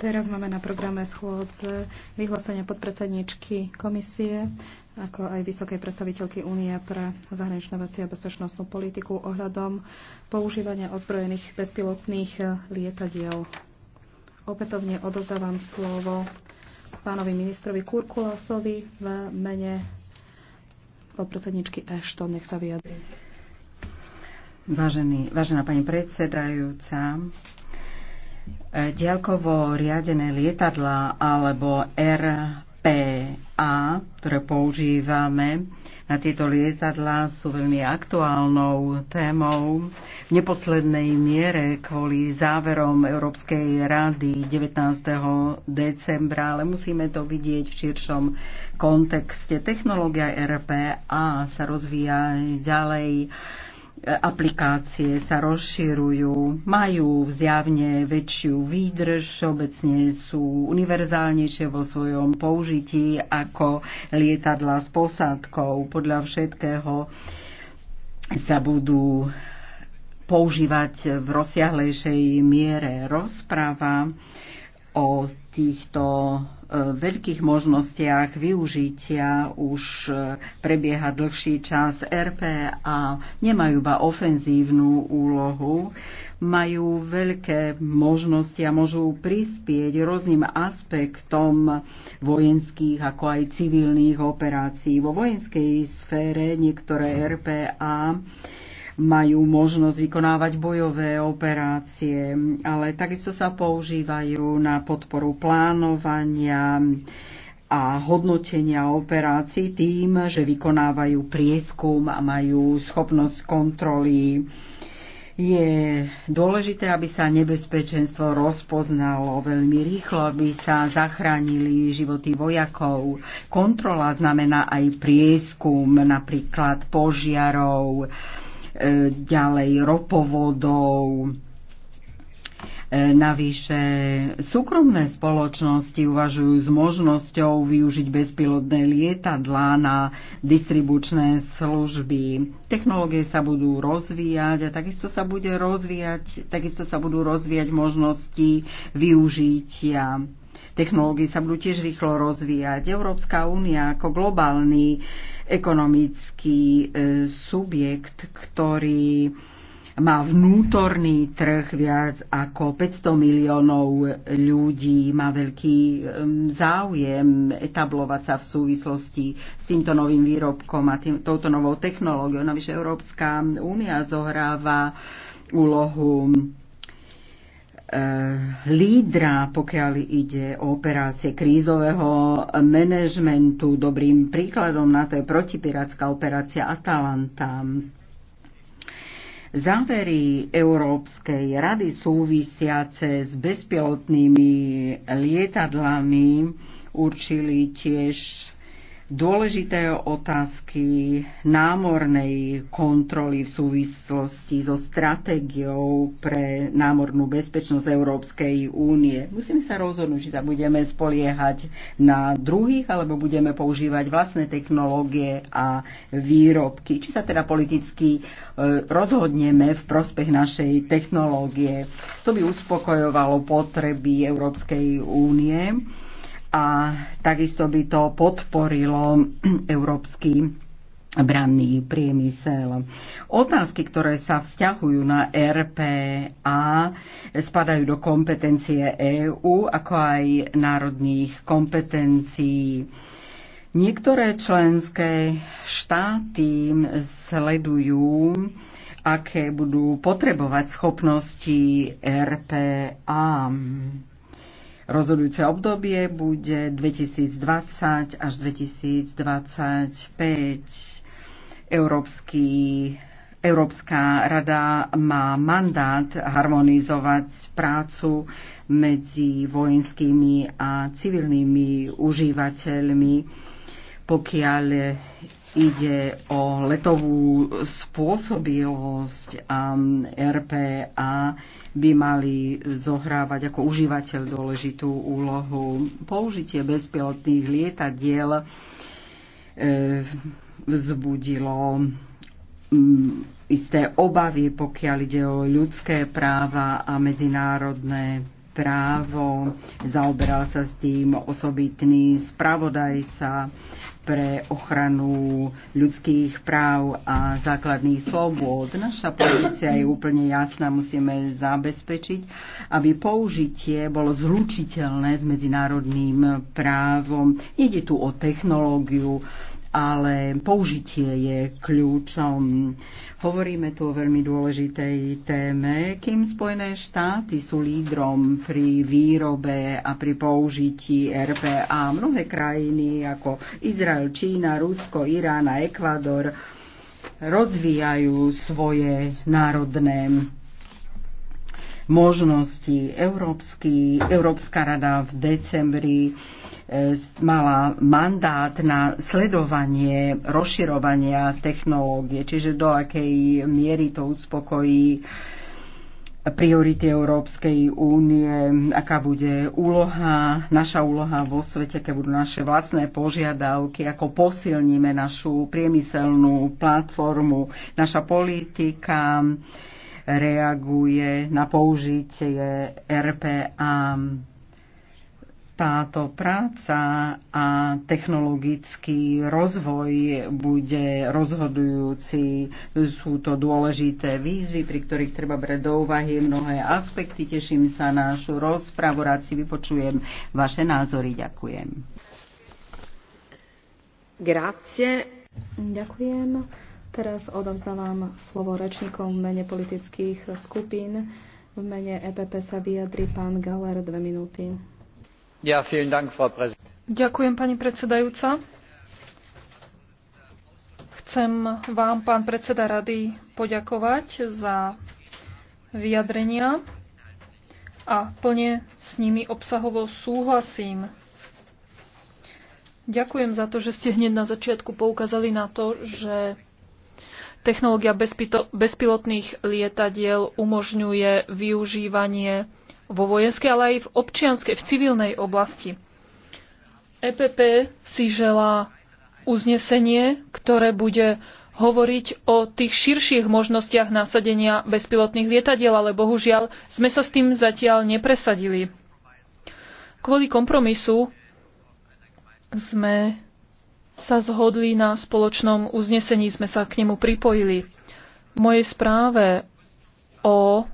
Teraz máme na programe schôdze vyhlásenie podpredsedničky komisie, ako aj vysokej predstaviteľky únie pre zahraničné veci a bezpečnostnú politiku ohľadom používania ozbrojených bezpilotných eh, lietadiel. Opätovne odozdávam slovo pánovi ministrovi Kurkulasovi v mene podpredsedničky Ešton. Nech sa vyjadri. Vážený, vážená pani predsedajúca, e, diaľkovo riadené lietadla alebo RPA, ktoré používame na tieto lietadla, sú veľmi aktuálnou témou. V neposlednej miere kvôli záverom Európskej rady 19. decembra, ale musíme to vidieť v širšom kontexte. Technológia RPA sa rozvíja ďalej aplikácie sa rozširujú, majú zjavne väčšiu výdrž, všeobecne sú univerzálnejšie vo svojom použití ako lietadla s posádkou. Podľa všetkého sa budú používať v rozsiahlejšej miere rozprava o týchto e, veľkých možnostiach využitia už e, prebieha dlhší čas. RPA nemajú iba ofenzívnu úlohu, majú veľké možnosti a môžu prispieť rôznym aspektom vojenských ako aj civilných operácií. Vo vojenskej sfére niektoré RPA majú možnosť vykonávať bojové operácie, ale takisto sa používajú na podporu plánovania a hodnotenia operácií tým, že vykonávajú prieskum a majú schopnosť kontroly je dôležité, aby sa nebezpečenstvo rozpoznalo veľmi rýchlo, aby sa zachránili životy vojakov. Kontrola znamená aj prieskum, napríklad požiarov ďalej ropovodov. E, navyše súkromné spoločnosti uvažujú s možnosťou využiť bezpilotné lietadlá na distribučné služby. Technológie sa budú rozvíjať a takisto sa, bude rozvíjať, takisto sa budú rozvíjať možnosti využitia technológie sa budú tiež rýchlo rozvíjať. Európska únia ako globálny ekonomický e, subjekt, ktorý má vnútorný trh viac ako 500 miliónov ľudí, má veľký záujem etablovať sa v súvislosti s týmto novým výrobkom a tým, touto novou technológiou. Navyše Európska únia zohráva úlohu Eh, lídra, pokiaľ ide o operácie krízového manažmentu. Dobrým príkladom na to je protipirátska operácia Atalanta. Závery Európskej rady súvisiace s bezpilotnými lietadlami určili tiež dôležité otázky námornej kontroly v súvislosti so stratégiou pre námornú bezpečnosť Európskej únie. Musíme sa rozhodnúť, či sa budeme spoliehať na druhých, alebo budeme používať vlastné technológie a výrobky. Či sa teda politicky e, rozhodneme v prospech našej technológie. To by uspokojovalo potreby Európskej únie a takisto by to podporilo európsky branný priemysel. Otázky, ktoré sa vzťahujú na RPA, spadajú do kompetencie EÚ, ako aj národných kompetencií. Niektoré členské štáty sledujú, aké budú potrebovať schopnosti RPA Rozhodujúce obdobie bude 2020 až 2025. Európsky, Európska rada má mandát harmonizovať prácu medzi vojenskými a civilnými užívateľmi, pokiaľ Ide o letovú spôsobilosť a RPA by mali zohrávať ako užívateľ dôležitú úlohu. Použitie bezpilotných lietadiel e, vzbudilo mm, isté obavy, pokiaľ ide o ľudské práva a medzinárodné právo, zaoberal sa s tým osobitný spravodajca pre ochranu ľudských práv a základných slobôd. Naša pozícia je úplne jasná, musíme zabezpečiť, aby použitie bolo zlučiteľné s medzinárodným právom. Ide tu o technológiu, ale použitie je kľúčom. Hovoríme tu o veľmi dôležitej téme, kým Spojené štáty sú lídrom pri výrobe a pri použití RPA. Mnohé krajiny ako Izrael, Čína, Rusko, Irán a Ekvador rozvíjajú svoje národné možnosti. Európsky, Európska rada v decembri E, mala mandát na sledovanie rozširovania technológie, čiže do akej miery to uspokojí priority Európskej únie, aká bude úloha, naša úloha vo svete, aké budú naše vlastné požiadavky, ako posilníme našu priemyselnú platformu, naša politika reaguje na použitie RPA táto práca a technologický rozvoj bude rozhodujúci. Sú to dôležité výzvy, pri ktorých treba brať do úvahy mnohé aspekty. Teším sa na našu rozprávu, rád si vypočujem vaše názory. Ďakujem. Grazie. Ďakujem. Teraz odovzdávam slovo rečníkom v mene politických skupín. V mene EPP sa vyjadri pán Galer dve minúty. Ďakujem, pani predsedajúca. Chcem vám, pán predseda rady, poďakovať za vyjadrenia a plne s nimi obsahovo súhlasím. Ďakujem za to, že ste hneď na začiatku poukázali na to, že technológia bezpilotných lietadiel umožňuje využívanie vo vojenskej, ale aj v občianskej, v civilnej oblasti. EPP si želá uznesenie, ktoré bude hovoriť o tých širších možnostiach nasadenia bezpilotných lietadiel, ale bohužiaľ sme sa s tým zatiaľ nepresadili. Kvôli kompromisu sme sa zhodli na spoločnom uznesení, sme sa k nemu pripojili. V mojej správe o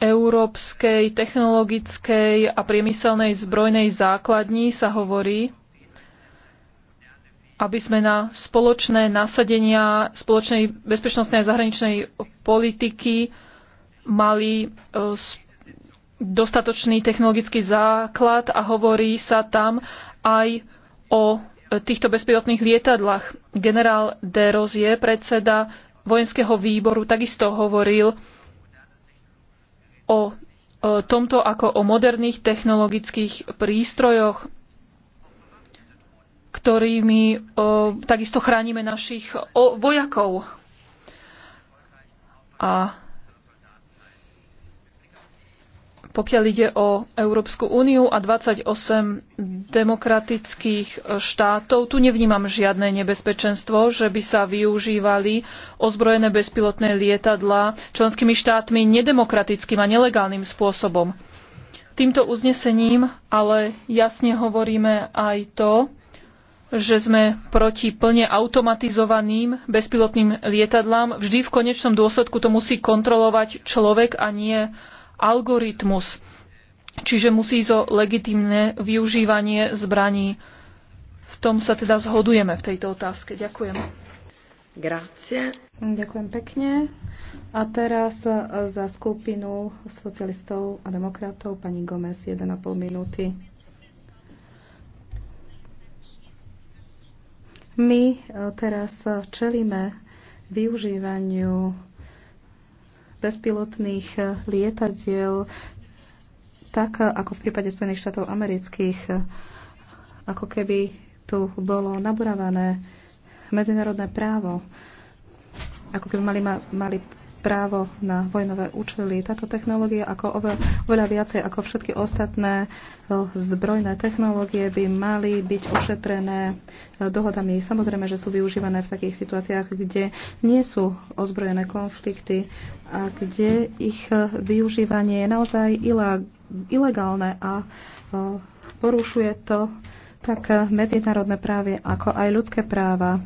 európskej technologickej a priemyselnej zbrojnej základni sa hovorí, aby sme na spoločné nasadenia spoločnej bezpečnostnej a zahraničnej politiky mali e, dostatočný technologický základ a hovorí sa tam aj o týchto bezpilotných lietadlách. Generál de Rozier, predseda vojenského výboru, takisto hovoril o tomto ako o moderných technologických prístrojoch, ktorými takisto chránime našich vojakov. A pokiaľ ide o Európsku úniu a 28 demokratických štátov, tu nevnímam žiadne nebezpečenstvo, že by sa využívali ozbrojené bezpilotné lietadla členskými štátmi nedemokratickým a nelegálnym spôsobom. Týmto uznesením ale jasne hovoríme aj to, že sme proti plne automatizovaným bezpilotným lietadlám. Vždy v konečnom dôsledku to musí kontrolovať človek a nie algoritmus. Čiže musí ísť o legitimné využívanie zbraní. V tom sa teda zhodujeme v tejto otázke. Ďakujem. Grazie. Ďakujem pekne. A teraz e, za skupinu socialistov a demokratov pani Gomez 1,5 minúty. My e, teraz e, čelíme využívaniu bezpilotných eh, lietadiel, tak eh, ako v prípade Spojených štátov amerických, eh, ako keby tu bolo naburávané medzinárodné právo, ako keby mali, mali právo na vojnové účely. Táto technológia ako oveľ, oveľa viacej ako všetky ostatné eh, zbrojné technológie by mali byť ošetrené eh, dohodami. Samozrejme, že sú využívané v takých situáciách, kde nie sú ozbrojené konflikty a kde ich eh, využívanie je naozaj ilegálne a porušuje to tak medzinárodné práve, ako aj ľudské práva.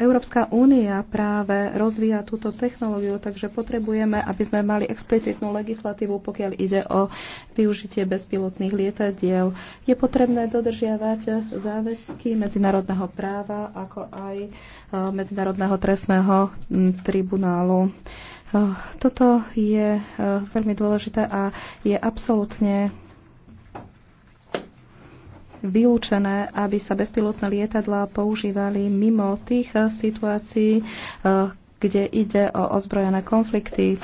Európska únia práve rozvíja túto technológiu, takže potrebujeme, aby sme mali explicitnú legislatívu, pokiaľ ide o využitie bezpilotných lietadiel. Je potrebné dodržiavať záväzky medzinárodného práva, ako aj e, medzinárodného trestného tribunálu. E, toto je e, veľmi dôležité a je absolútne vylúčené, aby sa bezpilotné lietadlá používali mimo tých eh, situácií, eh, kde ide o ozbrojené konflikty.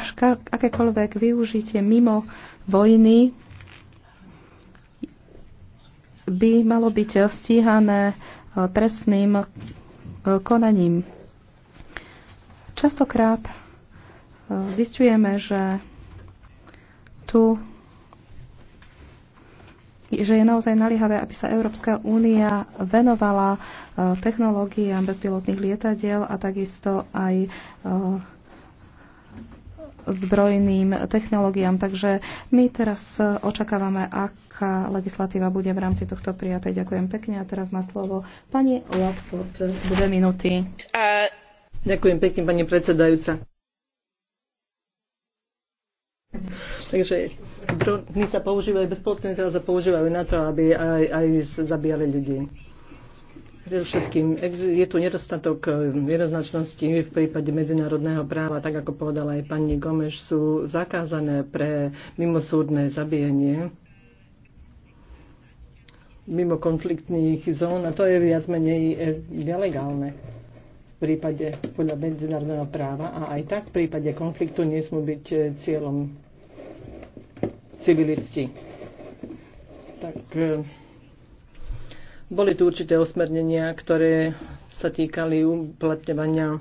Akékoľvek využitie mimo vojny by malo byť stíhané eh, trestným konaním. Častokrát zistujeme, že tu že je naozaj naliehavé, aby sa Európska únia venovala e, technológiám bezpilotných lietadiel a takisto aj e, zbrojným technológiám. Takže my teraz e, očakávame, aká legislatíva bude v rámci tohto prijatej. Ďakujem pekne a teraz má slovo pani Latford. Dve minúty. Ďakujem pekne, pani predsedajúca. Takže drony sa používajú bezpilotné teda sa používajú na to, aby aj, aj zabíjali ľudí. Všetkým. je tu nedostatok eh, jednoznačnosti v prípade medzinárodného práva, tak ako povedala aj pani Gomeš, sú zakázané pre mimosúdne zabíjanie mimo konfliktných zón a to je viac menej eh, nelegálne v prípade podľa medzinárodného práva a aj tak v prípade konfliktu nesmú byť eh, cieľom civilisti. Tak e, boli tu určité osmernenia, ktoré sa týkali uplatňovania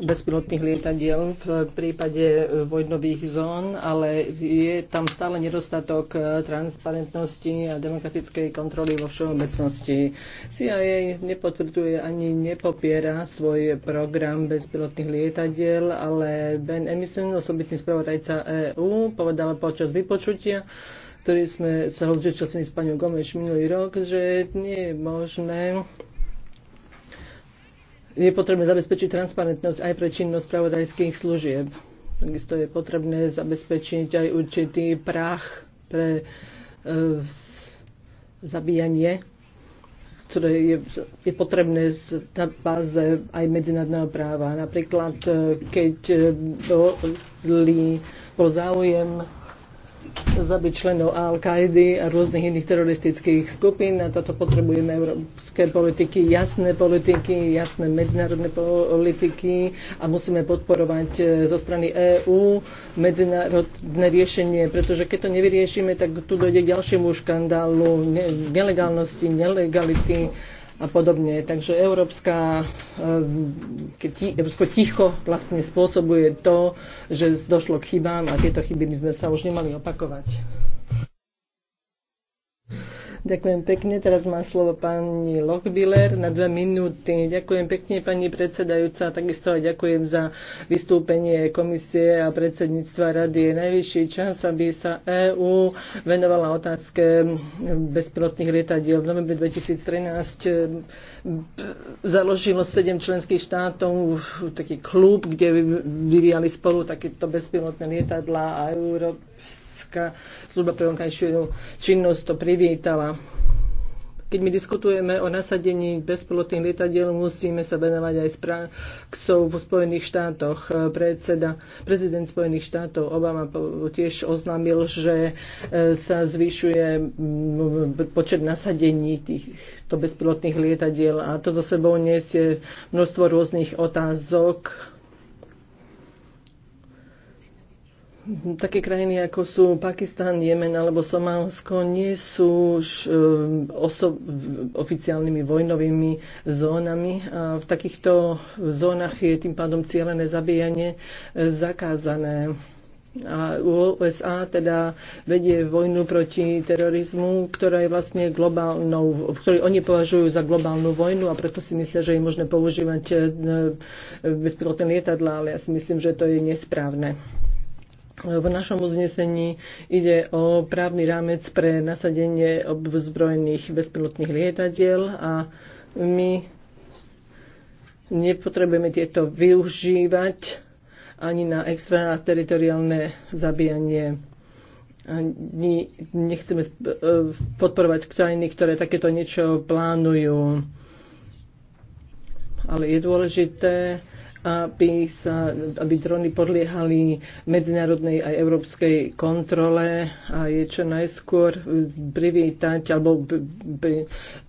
bezpilotných lietadiel v prípade e, vojnových zón, ale je tam stále nedostatok e, transparentnosti a demokratickej kontroly vo všeobecnosti. CIA nepotvrduje ani nepopiera svoj program bezpilotných lietadiel, ale Ben Emison, osobitný spravodajca EÚ, povedal počas vypočutia, ktorý sme sa ho s pani Gomeš minulý rok, že nie je možné je potrebné zabezpečiť transparentnosť aj pre činnosť spravodajských služieb. Takisto je potrebné zabezpečiť aj určitý prach pre e, zabíjanie, ktoré je, je potrebné na báze aj medzinárodného práva. Napríklad, e, keď e, bol záujem zabiť členov Al-Kaidy a rôznych iných teroristických skupín. Na toto potrebujeme európske politiky, jasné politiky, jasné medzinárodné politiky a musíme podporovať e, zo strany EÚ medzinárodné riešenie, pretože keď to nevyriešime, tak tu dojde k ďalšiemu škandálu nelegálnosti, nelegality a podobne. Takže európska, eh, európsko ticho vlastne spôsobuje to, že došlo k chybám a tieto chyby by sme sa už nemali opakovať. Ďakujem pekne. Teraz má slovo pani Lochbiller na dve minúty. Ďakujem pekne, pani predsedajúca. Takisto aj ďakujem za vystúpenie komisie a predsedníctva rady. Je najvyšší čas, aby sa EÚ venovala otázke bezpilotných lietadiel. V novembri 2013 založilo sedem členských štátov taký klub, kde vyvíjali spolu takéto bezpilotné lietadla a Európa Slovenska, služba pre vonkajšiu činnosť to privítala. Keď my diskutujeme o nasadení bezpilotných lietadiel, musíme sa venovať aj s praxou v Spojených štátoch. Predseda, prezident Spojených štátov Obama tiež oznámil, že e, sa zvyšuje počet nasadení týchto bezpilotných lietadiel a to za sebou nesie množstvo rôznych otázok Také krajiny ako sú Pakistan, Jemen alebo Somálsko nie sú e, oso- oficiálnymi vojnovými zónami. A v takýchto zónach je tým pádom cieľené zabíjanie e, zakázané. A USA teda vedie vojnu proti terorizmu, ktorá je vlastne globálnou, ktorú oni považujú za globálnu vojnu a preto si myslia, že je možné používať bezpilotné e, lietadla, ale ja si myslím, že to je nesprávne. V našom uznesení ide o právny rámec pre nasadenie obzbrojených bezpilotných lietadiel a my nepotrebujeme tieto využívať ani na extrateritoriálne zabíjanie. Ani nechceme eh, podporovať krajiny, ktoré takéto niečo plánujú. Ale je dôležité, aby, sa, aby drony podliehali medzinárodnej aj európskej kontrole a je čo najskôr privítať alebo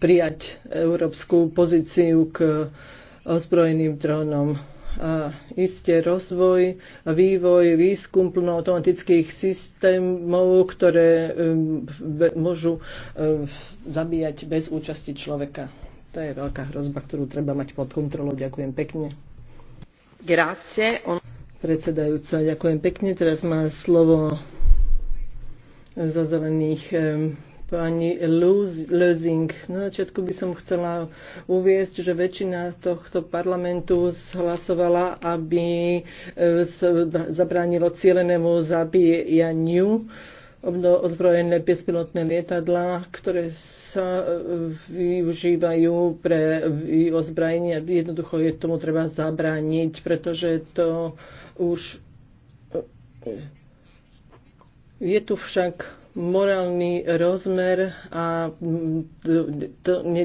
prijať európsku pozíciu k ozbrojeným dronom. A isté rozvoj, vývoj, výskum plnoautomatických systémov, ktoré um, môžu um, zabíjať bez účasti človeka. To je veľká hrozba, ktorú treba mať pod kontrolou. Ďakujem pekne. Predsedajúca, ďakujem pekne. Teraz má slovo za zelených pani Lözing. Na začiatku by som chcela uviesť, že väčšina tohto parlamentu hlasovala, aby e, zabránilo cieľenému zabíjaniu ozbrojené bezpilotné lietadlá, ktoré sa e, využívajú pre ozbrojenie. Jednoducho je tomu treba zabrániť, pretože to už e, je tu však morálny rozmer a mm, to ne,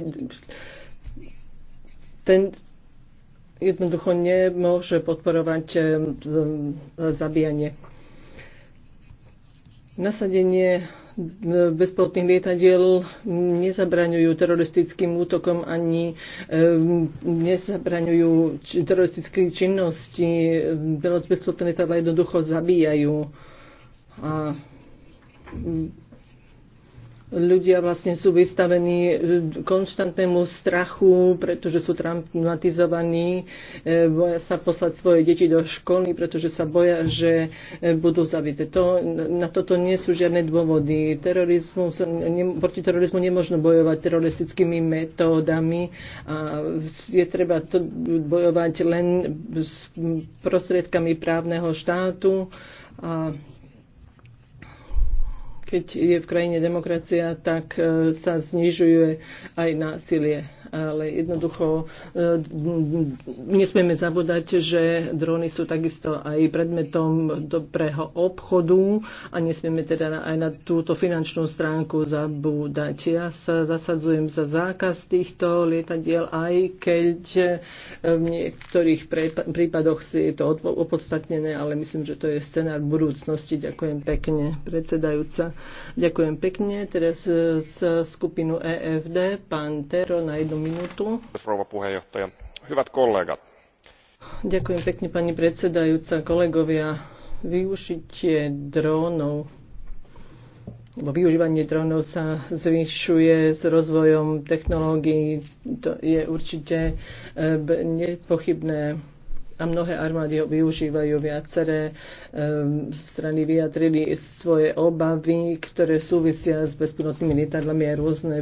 ten jednoducho nemôže podporovať e, zabíjanie. Nasadenie e, bezpilotných lietadiel nezabraňujú teroristickým útokom ani e, nezabraňujú teroristické činnosti. Bezpilotné lietadla jednoducho zabíjajú. A ľudia vlastne sú vystavení e, konštantnému strachu, pretože sú traumatizovaní, e, boja sa poslať svoje deti do školy, pretože sa boja, že e, budú zabité. To, na toto nie sú žiadne dôvody. Terorizmu, ne, proti terorizmu nemôžno bojovať teroristickými metódami a je treba to bojovať len s prostriedkami právneho štátu a keď je v krajine demokracia, tak e, sa znižuje aj násilie. Ale jednoducho e, nesmieme zabúdať, že dróny sú takisto aj predmetom dobrého obchodu a nesmieme teda aj na túto finančnú stránku zabúdať. Ja sa zasadzujem za zákaz týchto lietadiel, aj keď e, v niektorých prípadoch si je to opodstatnené, ale myslím, že to je scenár budúcnosti. Ďakujem pekne, predsedajúca. Ďakujem pekne. Teraz e, z skupinu EFD, pán Tero, na jednu minútu. Hyvät kollegat. Ďakujem pekne, pani predsedajúca, kolegovia. Využitie drónov lebo využívanie dronov sa zvyšuje s rozvojom technológií. To je určite e, nepochybné a mnohé armády využívajú viaceré ehm, strany vyjadrili svoje obavy, ktoré súvisia s bezpilotnými lietadlami a rôzne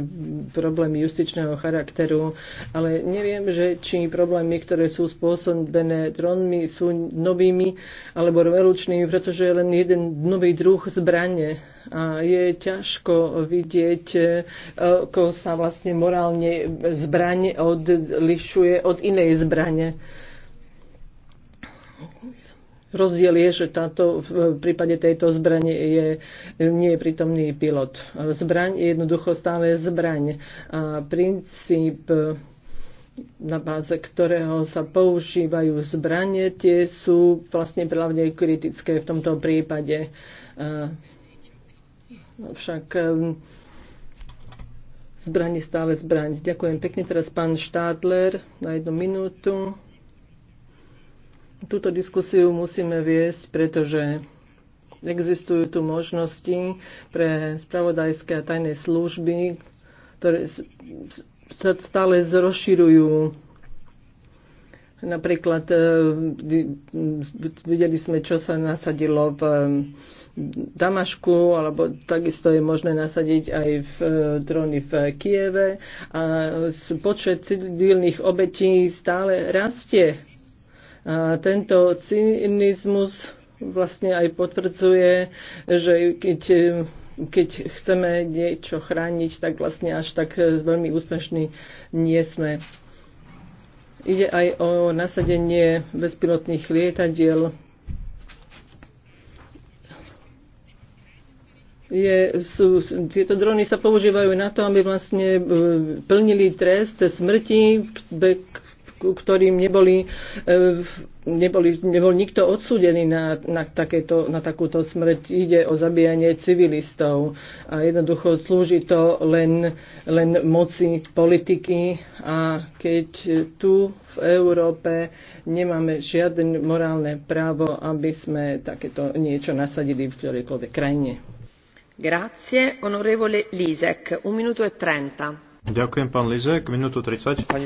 problémy justičného charakteru, ale neviem, že či problémy, ktoré sú spôsobené dronmi, sú novými alebo revolučnými, pretože je len jeden nový druh zbranie. a je ťažko vidieť, e, ako sa vlastne morálne zbraň odlišuje od inej zbrane. Rozdiel je, že táto, v prípade tejto zbrane je, nie je prítomný pilot. Zbraň je jednoducho stále zbraň. A princíp na báze ktorého sa používajú zbranie, tie sú vlastne hlavne kritické v tomto prípade. No však um, zbraň je stále zbraň. Ďakujem pekne. Teraz pán Štádler na jednu minútu túto diskusiu musíme viesť, pretože existujú tu možnosti pre spravodajské a tajné služby, ktoré sa stále zrozširujú. Napríklad e, videli sme, čo sa nasadilo v e, Damašku, alebo takisto je možné nasadiť aj v e, dróny v Kieve. A počet civilných obetí stále rastie a tento cynizmus vlastne aj potvrdzuje, že keď keď chceme niečo chrániť, tak vlastne až tak veľmi úspešní nie sme. Ide aj o nasadenie bezpilotných lietadiel. Je, sú, tieto drony sa používajú na to, aby vlastne e, plnili trest smrti, ktorým neboli, e, neboli, nebol nikto odsúdený na, na, takéto, na takúto smrť. Ide o zabíjanie civilistov a jednoducho slúži to len, len moci politiky a keď tu v Európe nemáme žiadne morálne právo, aby sme takéto niečo nasadili v ktorejkoľvek krajine. Grazie, onorevole Lisek, un minuto e trenta. Ďakujem, pán Lizek, Minuto 30. Pani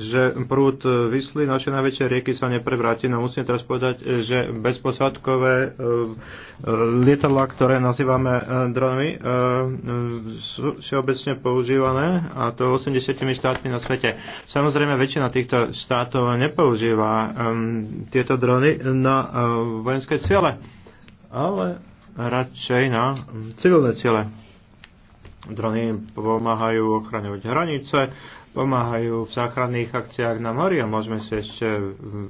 že prúd vyslí, naše najväčšie rieky sa neprevráti. No musím teraz povedať, že bezposádkové e, e, lietadla, ktoré nazývame e, dronmi, sú všeobecne používané a to 80 štátmi na svete. Samozrejme, väčšina týchto štátov nepoužíva tieto drony na vojenské ciele, ale radšej na civilné ciele. Drony pomáhajú ochraňovať hranice, pomáhajú v záchranných akciách na mori a môžeme si ešte mm,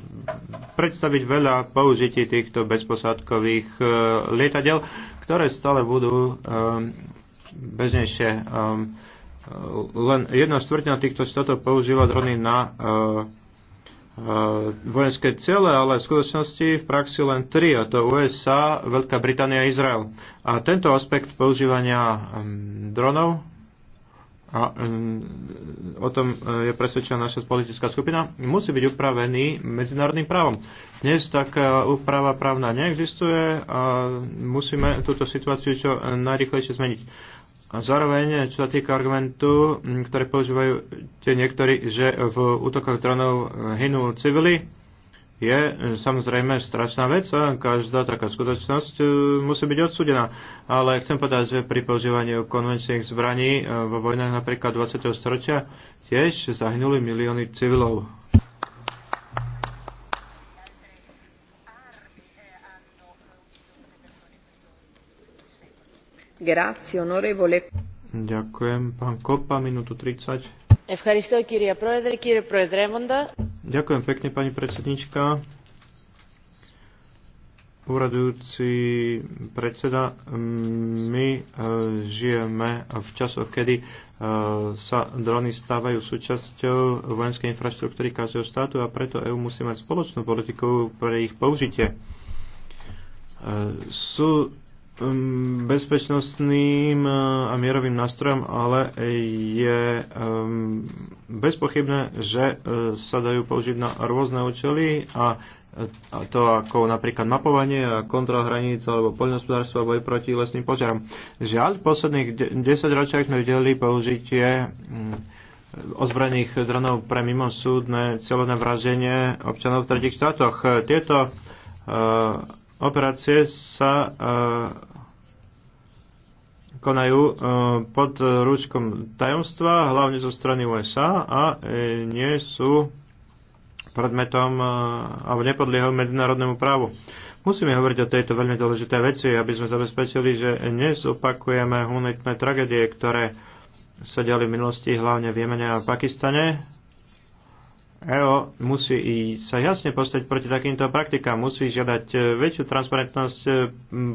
predstaviť veľa použití týchto bezposádkových e, lietadiel, ktoré stále budú e, bežnejšie. E, len jedna štvrtina týchto štátov používa drony na vojenské ciele, ale v skutočnosti v praxi len tri, a to USA, Veľká Británia a Izrael. A tento aspekt používania mm, dronov a eh, o tom eh, je presvedčená naša politická skupina, musí byť upravený medzinárodným právom. Dnes taká úprava právna neexistuje a musíme túto situáciu čo najrychlejšie zmeniť. A zároveň, čo sa týka argumentu, mm, ktoré používajú tie niektorí, že v útokoch dronov eh, hynú civily, je e, samozrejme strašná vec a každá taká skutočnosť e, musí byť odsudená. Ale chcem povedať, že pri používaní konvenčných zbraní e, vo vojnách napríklad 20. storočia tiež zahynuli milióny civilov. Grazie, onorevole. Ďakujem, pán Kopa, minútu 30. Ďakujem pekne, pani predsednička. Úradujúci predseda, my e, žijeme v časoch, kedy e, sa drony stávajú súčasťou vojenskej infraštruktúry každého štátu a preto EÚ musí mať spoločnú politiku pre ich použitie. E, sú bezpečnostným e, a mierovým nástrojom, ale je e, bezpochybné, že e, sa dajú použiť na rôzne účely a to ako napríklad mapovanie a kontrol hraníc alebo poľnohospodárstvo a boj proti lesným požiarom. Žiaľ, v posledných 10 ročiach sme videli použitie ozbrojených dronov pre mimosúdne celodné vraženie občanov v tretich štátoch. Tieto operácie sa e, konajú e, pod rúčkom tajomstva, hlavne zo strany USA a e, nie sú predmetom alebo nepodliehajú medzinárodnému právu. Musíme hovoriť o tejto veľmi dôležité veci, aby sme zabezpečili, že nezopakujeme humanitné tragédie, ktoré sa diali v minulosti hlavne v Jemene a Pakistane EO musí sa jasne postať proti takýmto praktikám, musí žiadať e, väčšiu transparentnosť e,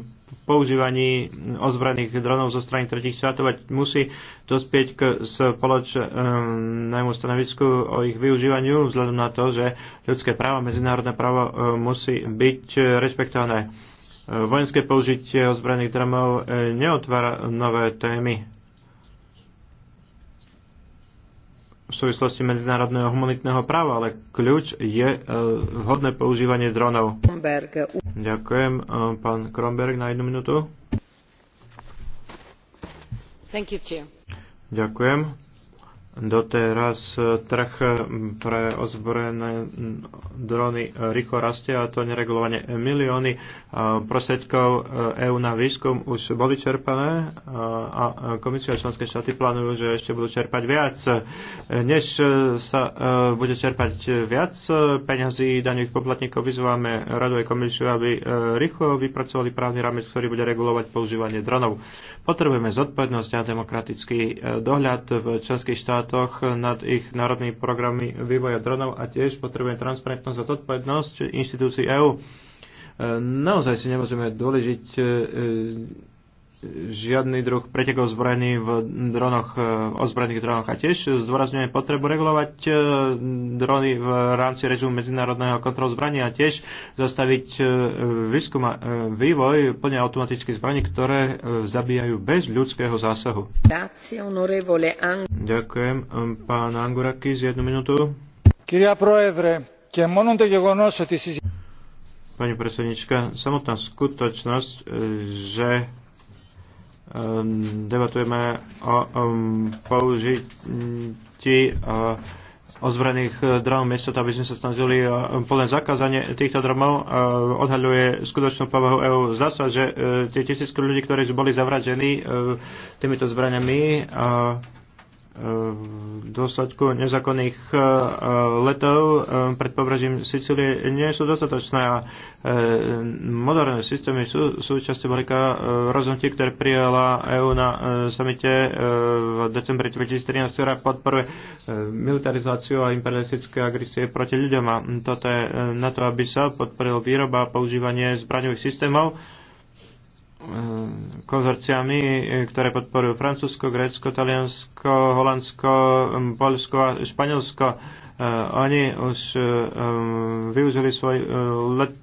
v používaní ozbrojených dronov zo strany tretich štátov a musí dospieť k spoločnému stanovisku o ich využívaniu vzhľadom na to, že ľudské právo, medzinárodné právo e, musí byť rešpektované. Vojenské použitie ozbrojených dronov neotvára nové témy v súvislosti medzinárodného humanitného práva, ale kľúč je e, vhodné používanie dronov. Kromberg. Ďakujem. E, pán Kromberg na jednu minútu. Thank you, Ďakujem doteraz e, trh pre ozbrojené drony e, rýchlo rastie a to neregulovanie. Milióny e, prostriedkov EÚ na výskum už boli čerpané a komisia a členské štáty plánujú, že ešte budú čerpať viac. Než sa bude čerpať viac peňazí daňových poplatníkov, vyzývame radovej komisiu, aby rýchlo vypracovali právny rámec, ktorý bude regulovať používanie dronov. Potrebujeme zodpovednosť a demokratický dohľad v členských štátoch štátoch nad ich národnými programy vývoja dronov a tiež potrebujeme transparentnosť a zodpovednosť inštitúcií EÚ. E, naozaj si nemôžeme dôležiť e, žiadny druh pretekov zbraní v dronoch, e, ozbrojených dronoch. A tiež zdôrazňujeme potrebu regulovať e, drony v rámci režimu medzinárodného kontrolu zbraní a tiež zastaviť e, výskum a vývoj plne automatických zbraní, ktoré zabíjajú bez ľudského zásahu. Ďakujem. Pán z jednu minútu. Proevre, Pani predsednička, samotná skutočnosť, že Ehm, debatujeme o ehm, použití e, ozbrojených e, dron, miesto aby sme sa snažili e, plné zakázanie týchto dromov odhaľuje skutočnú povahu EÚ. Zdá sa, že tie tisícky ľudí, ktorí boli zavražení týmito zbraniami, v dôsledku nezákonných e, letov e, pred pobrežím Sicílie nie sú dostatočné a e, moderné systémy sú súčasťou balíka rozhodnutí, ktoré prijala EÚ na samite v decembri 2013, ktorá podporuje militarizáciu a imperialistické agresie proti ľuďom a toto je na to, aby sa podporil výroba a používanie zbraňových systémov Eh, konzorciami, eh, ktoré podporujú Francúzsko, Grécko, Taliansko, Holandsko, Polsko a Španielsko. Eh, oni už využili svoj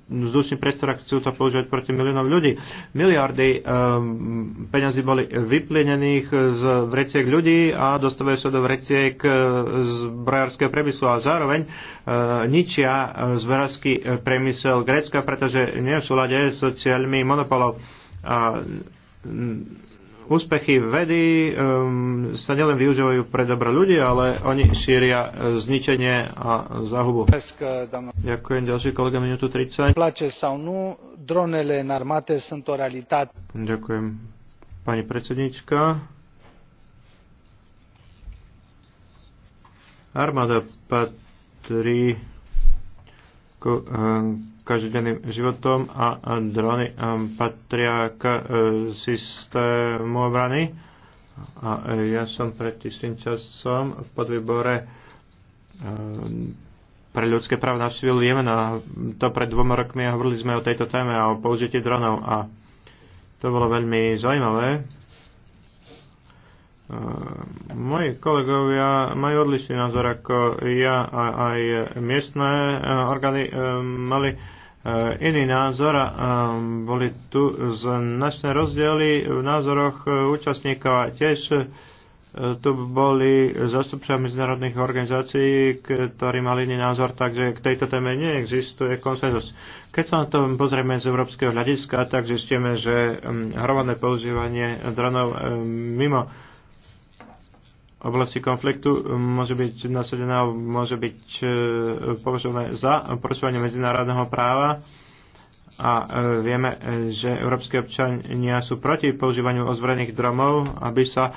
vzdušný priestor a chcú to používať proti miliónom ľudí. Miliardy peňazí boli vyplienených z vreciek ľudí a dostávajú sa do vreciek brojárskeho priemyslu a zároveň ničia zberarský priemysel Grécka, pretože nie sú ľade sociálnymi monopolov a úspechy vedy um, sa nielen využívajú pre dobro ľudí, ale oni šíria e, zničenie a zahubu. Ďakujem, ďalší kolega, minútu 30. Ďakujem, pani predsednička. Armáda patrí k, um, ehm, každodenným životom a drony patria k e, systému obrany. A e, ja som pred istým časom v podvýbore e, pre ľudské práva navštívil Jemen a to pred dvoma rokmi a hovorili sme o tejto téme a o použití dronov a to bolo veľmi zaujímavé Ehm, moji kolegovia majú odlišný názor ako ja a aj miestne eh, orgány ehm, mali eh, iný názor a ehm, boli tu značné rozdiely v názoroch eh, účastníkov a tiež tu boli zastupcovia medzinárodných organizácií, ktorí mali iný názor, takže k tejto téme neexistuje konsenzus. Keď sa na to pozrieme z európskeho hľadiska, tak zistíme, že hromadné používanie dronov mimo oblasti konfliktu um, môže byť nasadená, môže byť uh, považované za porušovanie medzinárodného práva a uh, vieme, uh, že európske občania sú proti používaniu ozbrojených dromov, aby sa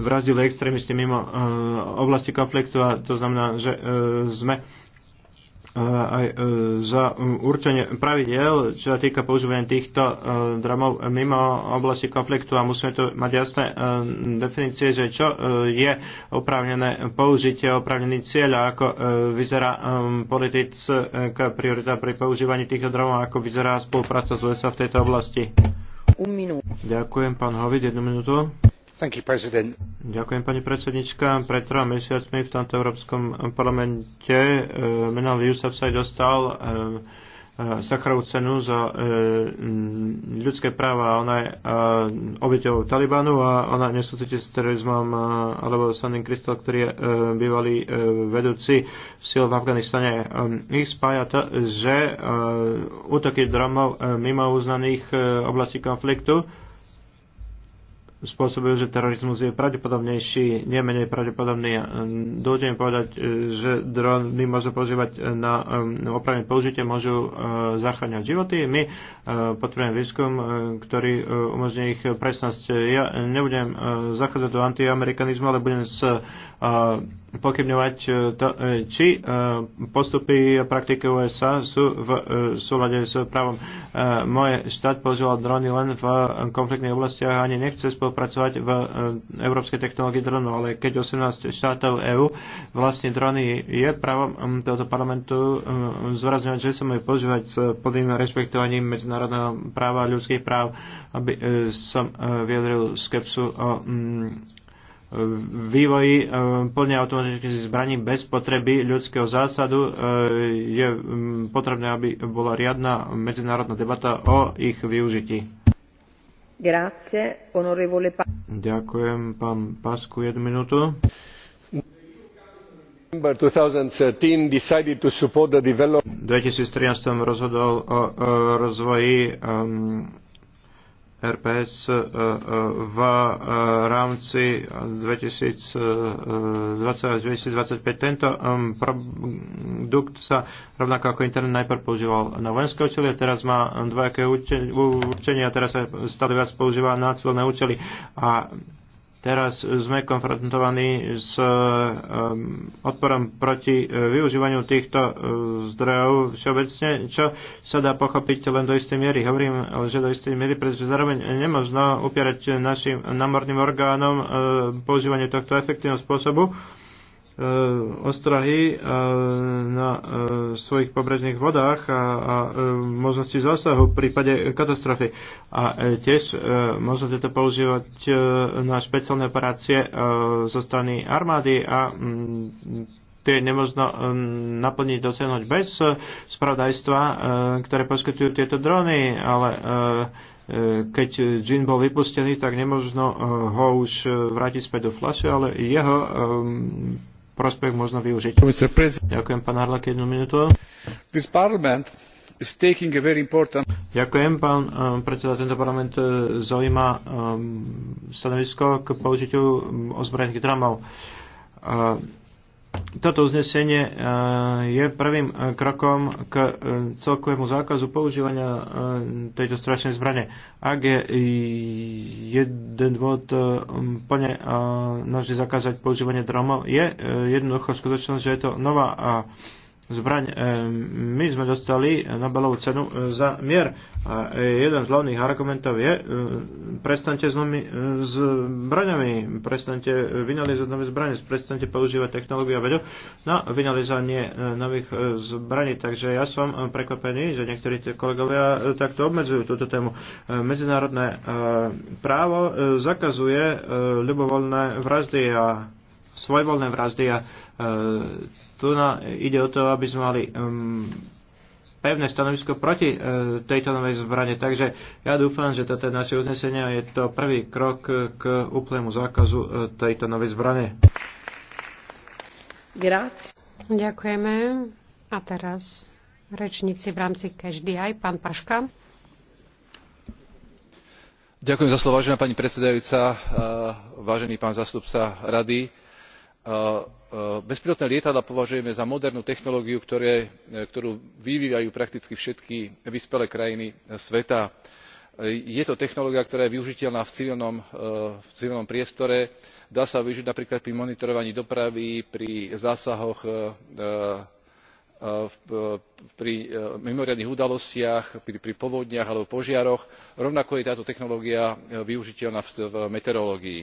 vrazdili extrémisti mimo oblasti konfliktu a to znamená, že sme aj e, za e, určenie pravidel, čo sa týka používania týchto e, dramov mimo oblasti konfliktu a musíme tu mať jasné definície, že čo je oprávnené použitie, oprávnený cieľ a ako vyzerá politická priorita pri používaní týchto dramov a ako vyzerá spolupráca s USA v tejto oblasti. Ďakujem, pán Hovid, jednu minútu. Ďakujem, pani predsednička. Pred troma mesiacmi v tomto Európskom parlamente e, Menal Yousafzai dostal e, e, Sacharovú cenu za e, ľudské práva. Ona je e, obeťou Talibanu a ona nesúcite s terorizmom e, alebo Sandin Kristal, ktorý je e, bývalý e, vedúci sil v Afganistane. E, ich spája to, že e, útoky dramov e, mimo uznaných e, oblastí konfliktu e, spôsobujú, že terorizmus je pravdepodobnejší, nie menej pravdepodobný. Um, dovolte mi povedať, e, že drony môžu používať na um, opravné použitie, môžu e, zachráňať životy. My e, potrebujeme výskum, ktorý umožní ich presnosť. Ja nebudem zachádzať do antiamerikanizmu, ale budem s pochybňovať e, to, e, či e, postupy praktiky USA sú v súlade s právom. Moje štát používal drony len v konfliktných oblastiach a ani nechce spolupracovať v európskej technológii dronov, ale keď 18 štátov EÚ vlastne drony je právom tohoto parlamentu zvrazňovať, že sa môj používať s plným rešpektovaním medzinárodného práva a ľudských práv, aby som vyjadril skepsu o vývoji e, plne automatických zbraní bez potreby ľudského zásadu e, je potrebné, aby bola riadna medzinárodná debata o ich využití. Grazie, onorevole pa- Ďakujem, pán Pasku, jednu minútu. V 2013 rozhodol o, e, rozvoji RPS e, e, v e, rámci 2020-2025. Tento produkt sa rovnako ako internet najprv používal na vojenské účely a teraz má dvojaké určenie a teraz sa stále viac používa na civilné účely. A Teraz sme konfrontovaní s um, odporom proti uh, využívaniu týchto uh, zdrojov všeobecne, čo sa dá pochopiť len do istej miery. Hovorím, že do istej miery, pretože zároveň nemožno upierať našim námorným orgánom uh, používanie tohto efektívneho spôsobu E, ostrahy e, na e, svojich pobrežných vodách a, a možnosti zásahu v prípade katastrofy. A tiež môžete to používať na špeciálne operácie zo strany armády a mm, tie nemožno naplniť, dosiahnuť bez spravodajstva, ktoré poskytujú tieto drony, ale keď džin bol vypustený, tak nemožno ho už vrátiť späť do flaše, ale jeho prospech možno využiť. Ďakujem, pán Harlak, jednu minútu. Important... Ďakujem, pán eh, predseda. Tento parlament eh, zaujíma eh, stanovisko k použitiu mm, ozbrojených dramov toto uznesenie e, je prvým e, krokom k e, celkovému zákazu používania tejto strašnej zbrane. Ak je jeden dôvod plne navždy zakázať používanie dromov, je jednoducho skutočnosť, že je to nová zbraň. E, my sme dostali Nobelovú cenu e, za mier. A jeden z hlavných argumentov je, e, prestante s nomi, zbraňami, prestante vynalizovať nové zbranie, prestante používať technológiu a vedu na vynalizanie nových zbraní. Takže ja som prekvapený, že niektorí kolegovia takto obmedzujú túto tému. Medzinárodné právo zakazuje ľubovoľné vraždy a svojvoľné vraždy a tu na, ide o to, aby sme mali um, pevné stanovisko proti uh, tejto novej zbrane. Takže ja dúfam, že toto naše uznesenie je to prvý krok k úplnému zákazu uh, tejto novej zbrane. Grazie. Ďakujeme. A teraz rečníci v rámci každý aj pán Paška. Ďakujem za slovo, vážená pani predsedajúca, uh, vážený pán zastupca rady bezpilotné lietadlá považujeme za modernú technológiu e, ktorú vyvíjajú prakticky všetky vyspelé krajiny e, sveta. E, je to technológia ktorá je využiteľná v civilnom priestore dá sa využiť napríklad pri monitorovaní dopravy pri zásahoch pri mimoriadnych udalostiach pri povodniach alebo požiaroch rovnako je táto technológia využiteľná v meteorológii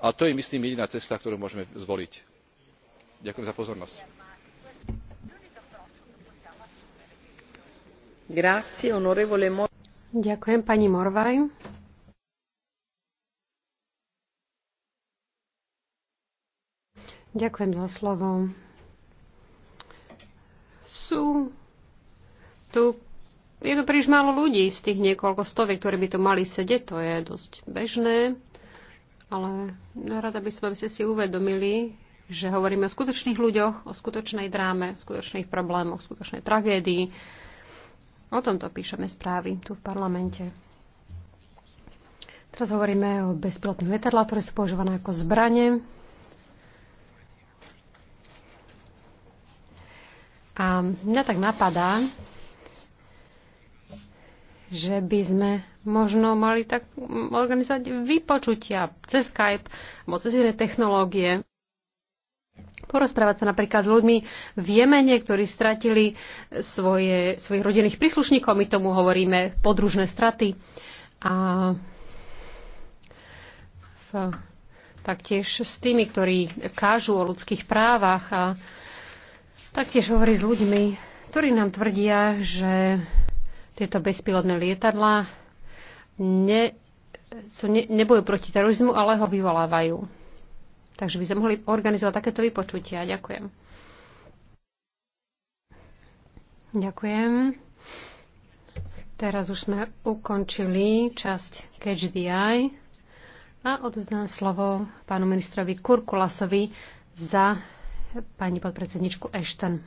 a to je myslím jediná cesta ktorú môžeme zvoliť. ďakujem za pozornosť. Ďakujem, pani Morvaj. Sú tu je tu príliš málo ľudí z tých niekoľko stoviek, ktorí by tu mali sedieť, to je dosť bežné ale rada by som, aby ste si uvedomili, že hovoríme o skutočných ľuďoch, o skutočnej dráme, o skutočných problémoch, o skutočnej tragédii. O tomto píšeme správy tu v parlamente. Teraz hovoríme o bezpilotných letadlách, ktoré sú používané ako zbranie. A mňa tak napadá, že by sme možno mali tak organizovať vypočutia cez Skype alebo cez iné technológie. Porozprávať sa napríklad s ľuďmi v Jemene, ktorí stratili svoje, svojich rodinných príslušníkov, my tomu hovoríme podružné straty. A v, taktiež s tými, ktorí kážu o ľudských právach a taktiež hovorí s ľuďmi, ktorí nám tvrdia, že tieto bezpilotné lietadlá ne, so ne, nebojú proti terorizmu, ale ho vyvolávajú. Takže by sme mohli organizovať takéto vypočutia. Ďakujem. Ďakujem. Teraz už sme ukončili časť Catch the Eye a odznám slovo pánu ministrovi Kurkulasovi za pani podpredsedničku Ashton.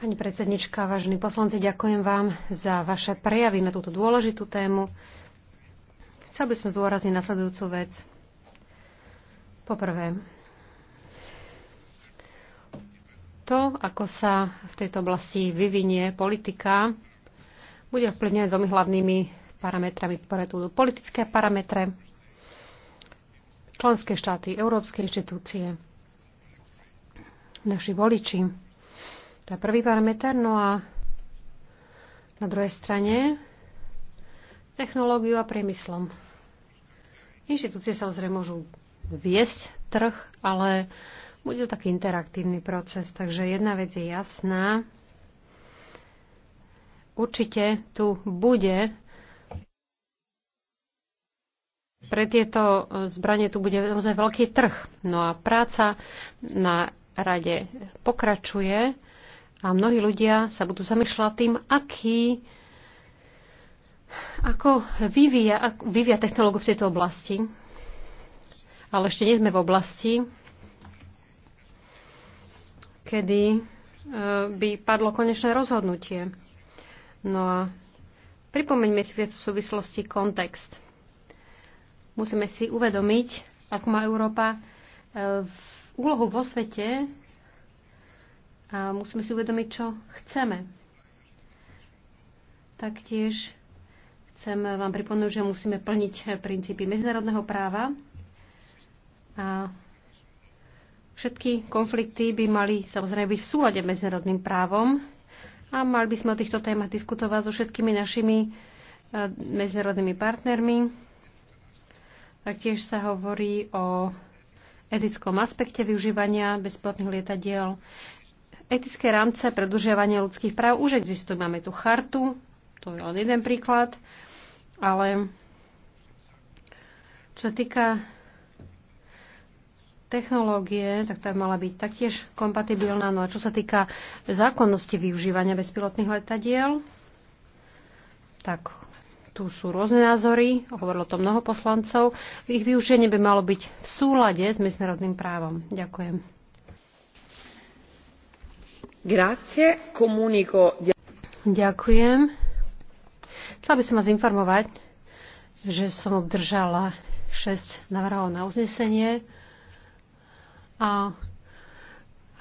Pani predsednička, vážení poslanci, ďakujem vám za vaše prejavy na túto dôležitú tému. Chcel by som zdôrazniť nasledujúcu vec. Poprvé, to, ako sa v tejto oblasti vyvinie politika, bude ovplyvnené dvomi hlavnými parametrami. Prvé tu politické parametre, členské štáty, európske inštitúcie, naši voliči, to je prvý parameter. No a na druhej strane technológiu a priemyslom. Inštitúcie sa samozrejme môžu viesť trh, ale bude to taký interaktívny proces. Takže jedna vec je jasná. Určite tu bude pre tieto zbranie tu bude naozaj veľký trh. No a práca na rade pokračuje a mnohí ľudia sa budú zamýšľať tým, aký, ako vyvíja, ak, vyvíja technológiu v tejto oblasti. Ale ešte nie sme v oblasti, kedy e, by padlo konečné rozhodnutie. No a pripomeňme si v tejto súvislosti kontext. Musíme si uvedomiť, ako má Európa e, v úlohu vo svete a musíme si uvedomiť, čo chceme. Taktiež chcem vám pripomenúť, že musíme plniť princípy medzinárodného práva a všetky konflikty by mali samozrejme byť v súlade medzinárodným právom a mali by sme o týchto témach diskutovať so všetkými našimi e, medzinárodnými partnermi. Taktiež sa hovorí o etickom aspekte využívania bezplatných lietadiel etické rámce pre ľudských práv už existujú. Máme tu chartu, to je len jeden príklad, ale čo sa týka technológie, tak tá mala byť taktiež kompatibilná. No a čo sa týka zákonnosti využívania bezpilotných letadiel, tak tu sú rôzne názory, hovorilo to mnoho poslancov. Ich využenie by malo byť v súlade s medzinárodným právom. Ďakujem. Ďakujem. Chcela by som vás informovať, že som obdržala šesť navrhov na uznesenie a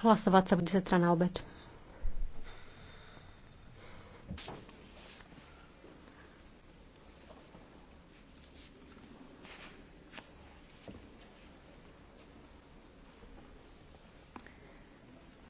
hlasovať sa bude zajtra na obed.